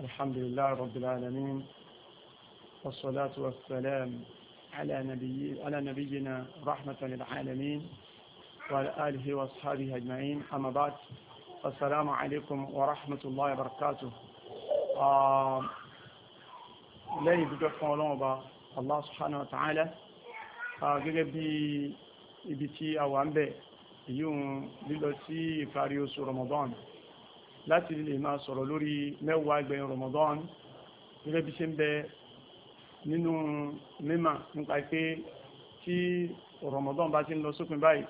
الحمد لله رب العالمين والصلاة والسلام على نبي على نبينا رحمة للعالمين وعلى آله وأصحابه أجمعين أما بعد السلام عليكم ورحمة الله وبركاته lẹ́yìn dúpẹ́ fún ọlọ́run ọba Allah subhanahu wa ta'ala gẹ́gẹ́ bí ibi tí a wà láti lè máa sọ̀rọ̀ lórí mẹ́wàá ẹgbẹ̀rún Ramadan gẹ́gẹ́ bí ṣe ń bẹ nínú mímà nípa pé tí Ramadan bá ti ń lọ sópin báyìí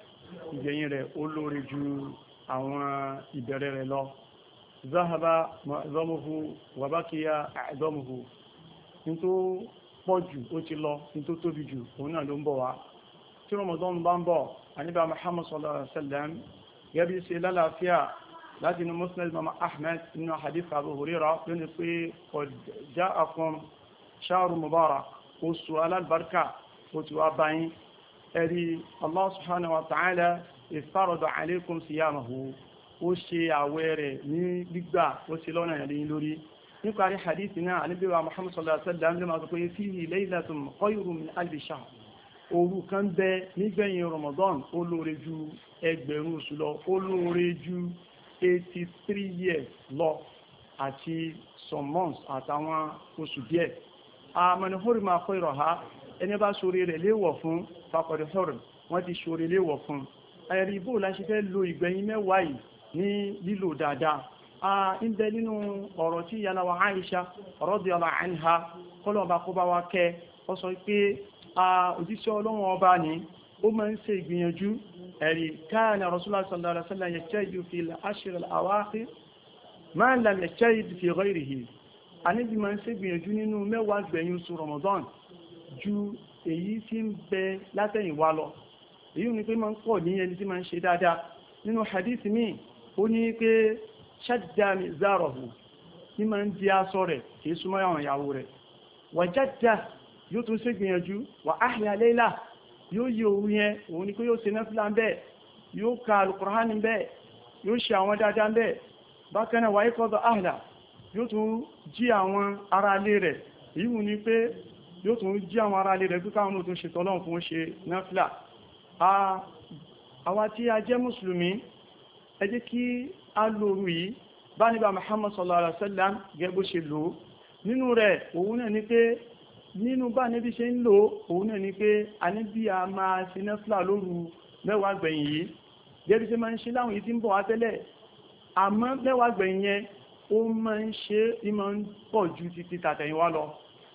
ìgbẹ̀yìn rẹ̀ ó lóore ju àwọn ìbẹ̀rẹ̀ rẹ̀ lọ zahaba ma'zamuhu wa baqiya a'zamuhu nító pọ̀ jù ó ti lọ nító tóbi jù òun náà ló ń bọ̀ wá tí Ramadan bá ń bọ̀ àníbà Muhammad sallallahu alaihi wasallam gẹ́gẹ́ bí ṣe lálàáfíà láti inú muslim mama ahmed inú hadith abu hurira ló ní pé ọjá afọn ṣáàrù mubarak oṣù alábàárkà oṣù abáyín ẹ̀rí allah subhanahu wa ta'ala ìfàrọ̀dọ̀ alaykum siyamahu ó ṣe àwẹ̀ rẹ̀ ní gbígbà ó ṣe lọ́nà ìrìn lórí níparí hadith náà anábíwa muhammad sallallahu alaihi wasallam ló máa sọ pé fihi laylatun khayrun min alfi shahr òru kan bẹ nígbẹ̀yìn ramadan ó lóore ju ẹgbẹ̀rún oṣù lọ ó lóore ju 83 years lọ àti some months àtàwọn oṣù díẹ̀ àmàlùhórí máa kọ́ ìrọ̀ ha ẹni bá ṣorí rẹ̀ léwọ̀ fún fakọ̀dẹ̀ sọ̀rọ̀ wọ́n ti ṣorí léwọ̀ fún ẹ̀rí ibò láti fẹ́ lo ìgbẹ̀yìn mẹ́wàá yìí ní lílò dáadáa ń bẹ nínú ọ̀rọ̀ tí yalawa Aisha radiyallahu anha kọ́lọ̀ọ̀bá kó bá wa kẹ́ ọ sọ pé òjíṣẹ́ ọlọ́run ọba ni ó máa ń ṣe ìgbìyànjú ẹ̀rí káàna rasulullah sallallahu alaihi wasallam yajtahid fi al-ashr al-awakhir ma lam yajtahid fi ghayrihi àníbi máa ń ṣe gbìyànjú nínú mẹ́wàá gbẹ̀yìn oṣù ramadan ju èyí tí ń bẹ látẹ̀yìnwá lọ èyí ni pé máa ń pọ̀ ní ẹni tí máa ń ṣe dáadáa nínú hadith mi ó ní pé shadda mizarahu ní máa ń di aṣọ rẹ̀ kì í súnmọ́ àwọn ìyàwó rẹ̀ wajadda yóò tún ṣe gbìyànjú wa ahya layla yóò yí òun yẹn òun ni pé yóò ṣe náfìlà ń bẹ́ẹ̀ yóò ka alukur'ani ń bẹ́ẹ̀ yóò ṣe àwọn dáadáa ń bẹ́ẹ̀ bákan náà wáyé kọ́dọ̀ àhàlà yóò tún jí àwọn ará ilé rẹ̀ èyí wù ní pé yóò tún jí àwọn ará ilé rẹ̀ pé káwọn tó ṣe tọ́lọ́run fún ṣe náfìlà àwa tí a jẹ́ mùsùlùmí ẹ jẹ́ kí a lóru yìí bá níbà Muhammad sallallahu alaihi wasallam gẹ́gbó ṣe lò nínú rẹ̀ òun náà ni pé nínú bá níbi ṣe ń lò òun náà ni pé a ní bí a máa ṣe nẹ́fìlà lóru mẹ́wàá gbẹ̀yìn yìí gẹ́bí ṣe máa ń ṣe láwọn yìí tí ń bọ̀ wá tẹ́lẹ̀ àmọ́ mẹ́wàá gbẹ̀yìn yẹn ó máa ń ṣe ìmọ̀ ń pọ̀ ju títí tàtẹ̀yìn wá lọ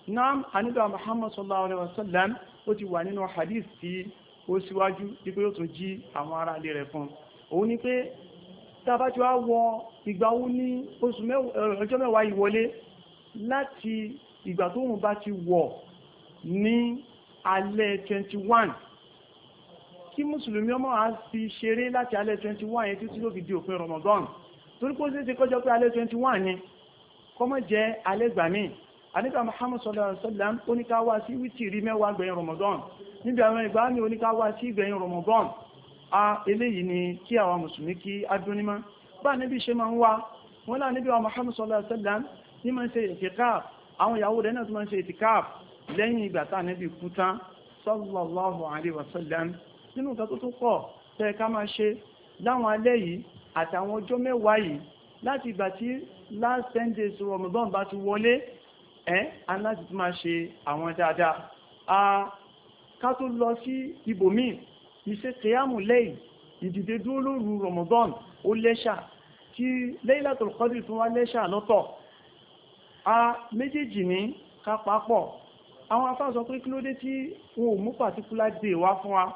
náà anígbà Muhammad sallallahu alaihi wasallam ó ti wà ọjọ́ mẹ́wàá ìwọlé láti ìgbà tó wọ́n bá ti wọ̀ ní alẹ́ 21 kí mùsùlùmí ọmọ a fi ṣeré láti alẹ́ 21 yẹn títí ló fi di òpin Ramadan torí pé ó ṣeéṣe kọjọ́ pé alẹ́ 21 ni kọ́mọ́ jẹ́ alẹ́ gbàmí àníkà Muhammad sallallahu alaihi wasallam oníkáwá sí wítìrí mẹ́wàá gbẹ̀yìn Ramadan níbi àwọn ìgbà ní oníkáwá sí gbẹ̀yìn Ramadan a eléyìí ni kí àwọn mùsùlùmí kí adúnímá bá níbi ṣe máa ń wá wọn láà níbi àwọn Muhammad sallallahu alaihi wasallam ní máa ń ṣe ìkẹ́kàá àwọn ìyàwó rẹ̀ náà tún máa ń ṣe ìtìkáàf lẹ́yìn ìgbà tá ànábì kú tán sallallahu alaihi wasallam nínú nǹkan tó tó pọ̀ tẹ́ ká máa ṣe láwọn alẹ́ yìí àtàwọn ọjọ́ mẹ́wàá yìí láti ìgbà tí last ten days Ramadan bá ti wọlé ẹ́ a láti tún máa ṣe àwọn dáadáa ká tó lọ sí ibòmíì iṣẹ́ kìyàmù lẹ́yìn ìdìde dúró lóru Ramadan ó lẹ́ṣà tí Laylatul Qadr tún wá lẹ́ṣà lọ́tọ̀ a méjèèjì ní ká papọ̀ àwọn afá sọ pé kí ló dé tí wọn ò mú pàtíkúlá dè wá fún wa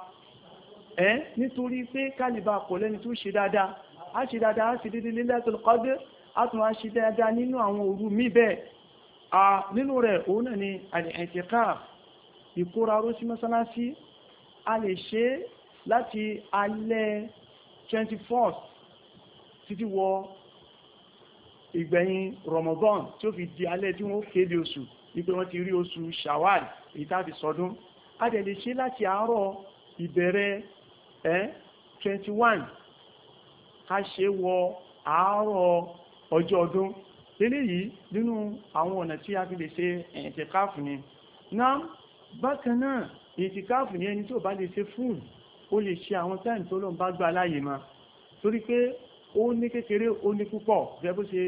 ẹ́ nítorí pé kálíbà pọ̀ lẹ́ni tó ṣe dáadáa a ṣe dáadáa a ṣe dédé Lailatul Qadr a tún a ṣe dáadáa nínú àwọn òru mí bẹ́ẹ̀ a nínú rẹ̀ òun náà ni al-i'tikaf ìkóraró sí mọ́sánásí a lè ṣe láti alẹ́ 24th títí wọ ìgbẹ̀yìn Ramadan tí ó fi di alẹ́ tí wọ́n kéde oṣù wípé wọ́n ti rí oṣù Shawwal èyí tá fi sọdún a dẹ̀ lè ṣe láti àárọ̀ ìbẹ̀rẹ̀ ẹ́ 21 ká ṣe wọ àárọ̀ ọjọ́ ọdún eléyìí nínú àwọn ọ̀nà tí a fi lè ṣe ẹ̀ǹtẹ̀káàfù ni náà bákan náà ẹ̀ǹtẹ̀káàfù ni ẹni tó bá lè ṣe fún ó lè ṣe àwọn táìmù tó lọ́n bá gbà láàyè ma torí pé ó ní kékeré ó ní púpọ̀ jẹ́ bó ṣe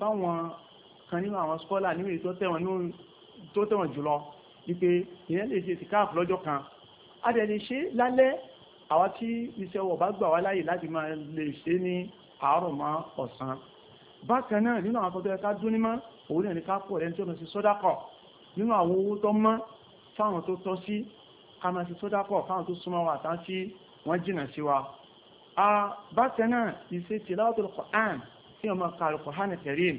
báwọn kan nínú àwọn skọ́là nínú èyí tó tẹ̀wọ̀n jùlọ wípé ìyẹn lè ṣe ìtìkáàfù lọ́jọ́ kan a dẹ̀ lè ṣe lálẹ́ àwa tí iṣẹ́ wọ̀ bá gbà wá láyè láti máa lè ṣe ní àárọ̀ mọ́ ọ̀sán bákan náà nínú àwọn akọ́tọ́ ẹ̀ká dún nímọ́ òun náà ní ká pọ̀ ẹni tí ó mọ̀ sí sọ́dákọ̀ nínú àwọn owó tó mọ́ fáwọn tó tọ́ sí ká máa sí sọ́dákọ̀ fáwọn tó súnmọ́ wa tán sí wọ́n jìnà sí wa bákanáà iṣẹ́ tilawatul Qur'an kí o máa ka Al-Qur'an Karim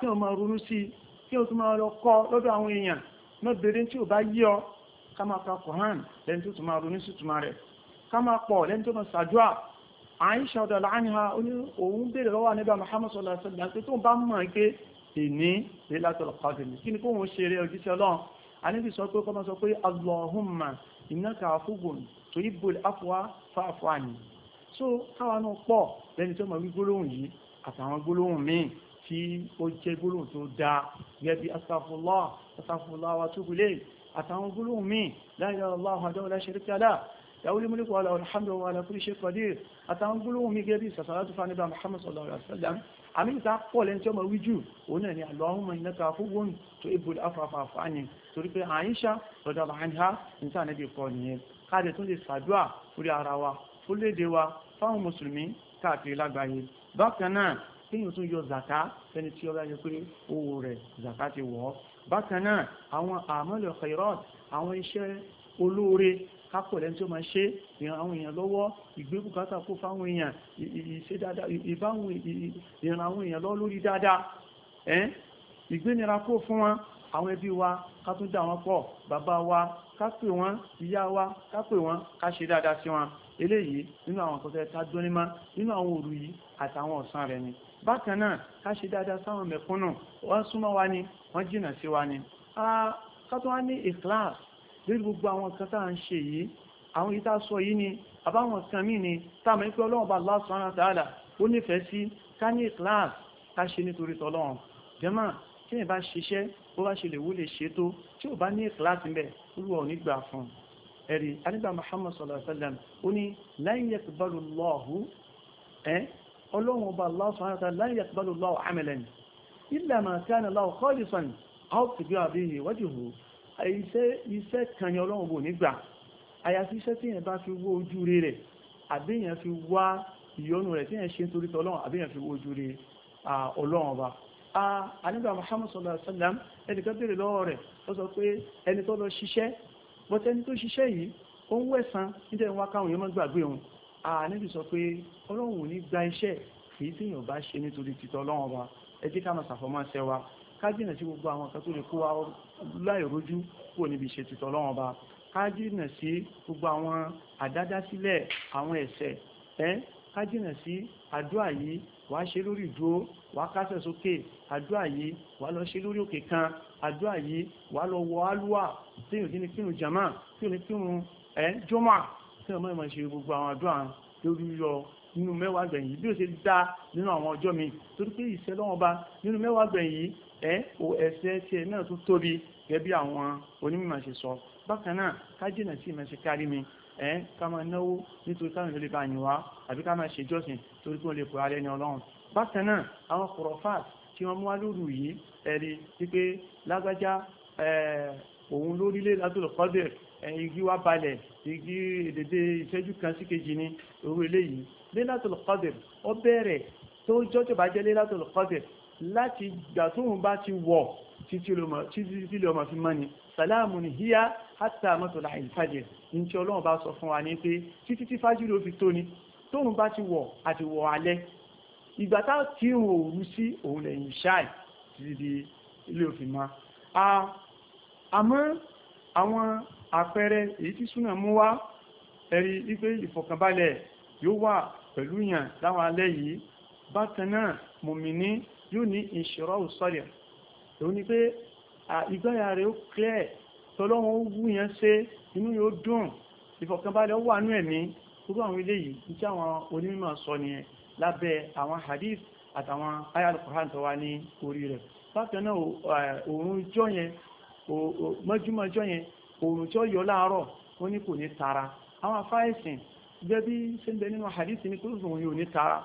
kí o máa ronú sí kí o tún máa lọ kọ́ lọ́dọ̀ àwọn èèyàn náà bèèrè tí o bá yí ọ ká máa ka Qur'an lẹ́ni tó tún máa ronú sí túnmà rẹ̀ ká máa pọ̀ lẹ́ni tó máa ṣàdúrà Àìṣà ọ̀dọ̀ láàánihà òun bèèrè lọ́wọ́ nígbà Muhammad sallallahu alaihi wasallam pé tó bá so káwa náà pọ̀ lẹ́ni tó mọ̀ wí gbólóhùn yìí àtàwọn gbólóhùn míì tí ó jẹ́ gbólóhùn tó dáa gẹ́gẹ́ bí astaghfirullah astaghfirullah wa tubu ilayh àtàwọn gbólóhùn míì la ilaha illallah wahdahu la sharika lah yàwúlé múlùkù wàlá alhamdu wa ala kulli shay qadir àtàwọn gbólóhùn mi gẹ́bí sàṣàlátù fún àníbà muhammad sallallahu alaihi wasallam àmìta pọ̀ lẹ́ni tí ó ma wíjù òun náà ni allahumma innaka afuwwun tuhibbul afwa fa'fu anni torí pé àyíṣà rọ̀dà anha níta níbi kọ́ nìyẹn káàdì tún lè sàdúà orí ara wa fúlédè wa fáwọn mùsùlùmí káàkiri lágbàáyé bákan náà kéèyàn tún yọ zàká fẹni tí ọlá yẹ pé owó rẹ̀ zàká ti wọ̀ ọ́ bákan náà àwọn àmọ́lẹ̀ khairat àwọn iṣẹ́ olóore kápọ̀lẹ́ tí ó máa ṣe ìran àwọn èèyàn lọ́wọ́ ìgbébùkátà kó fáwọn èèyàn ìṣe dáadáa ìbáwọn ìran àwọn èèyàn lọ lórí dáadáa ẹ́n ìgbénira kó fún wọn àwọn ẹbí wa ká tún dà wọn pọ̀ bàbá wa ká pè wọn ìyá wa ká pè wọn ká ṣe dáadáa sí wọn eléyìí nínú àwọn kọfẹ́ ká dónímá nínú àwọn òru yìí àtàwọn ọ̀sán rẹ̀ ni bákan náà ká ṣe dáadáa sáwọn mẹ̀kúnnù wọ́n súnmọ́ wa ni wọ́n jìnà sí wa ni kátó wá ní ìkláàs lórí gbogbo àwọn kan tá à ń ṣe yìí àwọn yìí tá sọ yìí ni àbáwọn kan mí ni táàmù ìpé ọlọ́run bá Allah ní ìkláàs ká ẹ̀rí anígbà Muhammad sallallahu alaihi wasallam ó ní la yaqbalu Allahu ẹ́ ọlọ́run ọba Allah subhanahu wa ta'ala la yaqbalu Allahu amalan illa ma kana lahu khalisan aw tubia bihi wajhuhu iṣẹ́ kan ọlọ́run bò nígbà àyàfi iṣẹ́ tí yẹn bá fi wó ojú rí rẹ̀ àbíyàn fi wá ìyọnu rẹ̀ tí yẹn ṣe nítorí tọ́lọ́run àbíyàn fi wó ojú rí ọlọ́run ọba anígbà Muhammad sallallahu but ẹni tó ṣiṣẹ́ yìí ó ń wẹ̀sán níta ìwọ̀n káwọn èèyàn máa gbàgbé òun àníbi sọ pé ọlọ́run ò ní gba iṣẹ́ kì í tíyàn bá ṣe nítorí títọ́ ọlọ́run wa ẹ jẹ́ ká máa ṣàfọmọ́ ṣẹ́ wa ká jìnà sí gbogbo àwọn kan tó lè kó wa láìrójú kúrò níbi ṣe títọ́ ọlọ́run ọba ká sí gbogbo àwọn àdádásílẹ̀ àwọn ẹ̀ṣẹ̀ kájìnà sí àdúà yìí wà á ṣe lórí ìdúró wà á kásẹ̀ sókè àdúà yìí wà á lọ ṣe lórí òkè kan àdúà yìí wà á lọ wọ alúwà tí yóò ní kírun jama tí yóò ní kírun ẹ̀ jọmọ́ tí ọmọ ìmọ̀ ṣe gbogbo àwọn àdúà lórí yọ nínú mẹ́wàá gbẹ̀yìn bí ó ṣe dá nínú àwọn ọjọ́ mi torí pé ìṣẹ́ lọ́wọ́ bá nínú mẹ́wàá gbẹ̀yìn ẹ̀ o ẹ̀ṣẹ̀ tiẹ̀ náà tó tóbi gẹ́gẹ́ àwọn onímọ̀ ṣe sọ bákan náà kájìnà sí ìmẹ̀ṣẹ̀ mi ẹ́ ká máa náwó nítorí káwọn ìlú bá yìn wá àbí ká máa ṣe jọ́sìn torí kí wọ́n lè pòrá lẹ́ni ọlọ́run bákan náà àwọn kọ̀rọ̀fàt tí wọ́n mú wá lóru yìí ẹ̀rí wípé lágbájá òun lórílẹ̀ látòlọ̀ kọ́dẹ̀ igi wá balẹ̀ igi èdèdè ìṣẹ́jú kan sí kejì ni òru eléyìí lé títí lọ́mọ fi mọ́ni sàlámù ní híyá hátà mọ́tòlá ìfàjẹ̀ ní tí ọlọ́run bá sọ fún wa ní pé títí tí fájúrò fi tó ni tóun bá ti wọ̀ àti wọ̀ alẹ́ ìgbà tá tí ń òru sí òun lẹ́yìn ṣáì títí di ilé òfin ma àmọ́ àwọn àpẹẹrẹ èyí tí súnà mú wá ẹ̀rí wípé ìfọ̀kànbalẹ̀ yóò wà pẹ̀lú yàn láwọn alẹ́ yìí bákan náà mùmíní yóò ní ìṣòro òsọ́rẹ̀ tó ní pé ìgbáyà rẹ̀ ó clear tọ́lọ́wọ́n ó wú yẹn ṣe inú yóò dùn ìfọ̀kànbalẹ̀ ó wà nú ẹ̀mí gbogbo àwọn eléyìí ní tí àwọn onímọ̀ sọ nìyẹn lábẹ́ àwọn hadith àtàwọn ayàlùkọ̀hán tó wá ní orí rẹ̀ bákan náà òòrùn jọ yẹn mọ́júmọ́ jọ yẹn òòrùn tí ó yọ láàárọ̀ ó ní kò ní tara àwọn afáìsìn gẹ́bí ṣe ń bẹ nínú hadith ní kúrò òun tara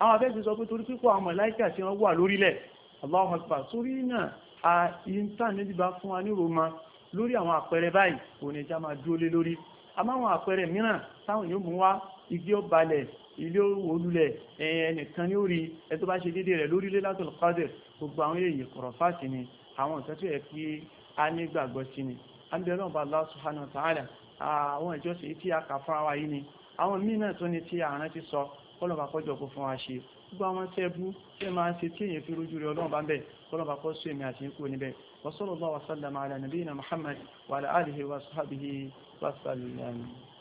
àwọn afẹ́sìn sọ pé torí pípọ̀ àwọn màláíkà tí wọ́n wà lórílẹ̀ Allahu Akbar sórí náà ìntàn níbi bá fún wa ní roma lórí àwọn àpẹẹrẹ báyìí òní ìjà máa dúró lé lórí àmọ́ àwọn àpẹẹrẹ mìíràn táwọn yóò mú wá igi ó balẹ̀ ilé olulẹ̀ ẹnìkan ní orí ẹ tó bá ṣe dédé rẹ̀ lórílẹ̀ látọ̀ lọ́kọ́dẹ̀ gbogbo àwọn èèyàn kọ̀rọ̀ fáàtì ni àwọn ìtọ́ tó yẹ a ní gbàgbọ́ sí ni a ń bẹ ọlọ́run bá Allah subhanahu wa ta'ala àwọn ìjọsìn tí a kà fún wa yìí ni àwọn míì náà tó ní tí gbogbo àwọn tẹ́ bú tẹ́ máa ṣe tí èyàn fi rójú rẹ̀ ọlọ́run bá ń bẹ̀ ọlọ́run bá kọ́ sí èmi àti ikú níbẹ̀ wa sallallahu wa sallama ala nabiyina Muhammad wa ala alihi wa sahbihi wa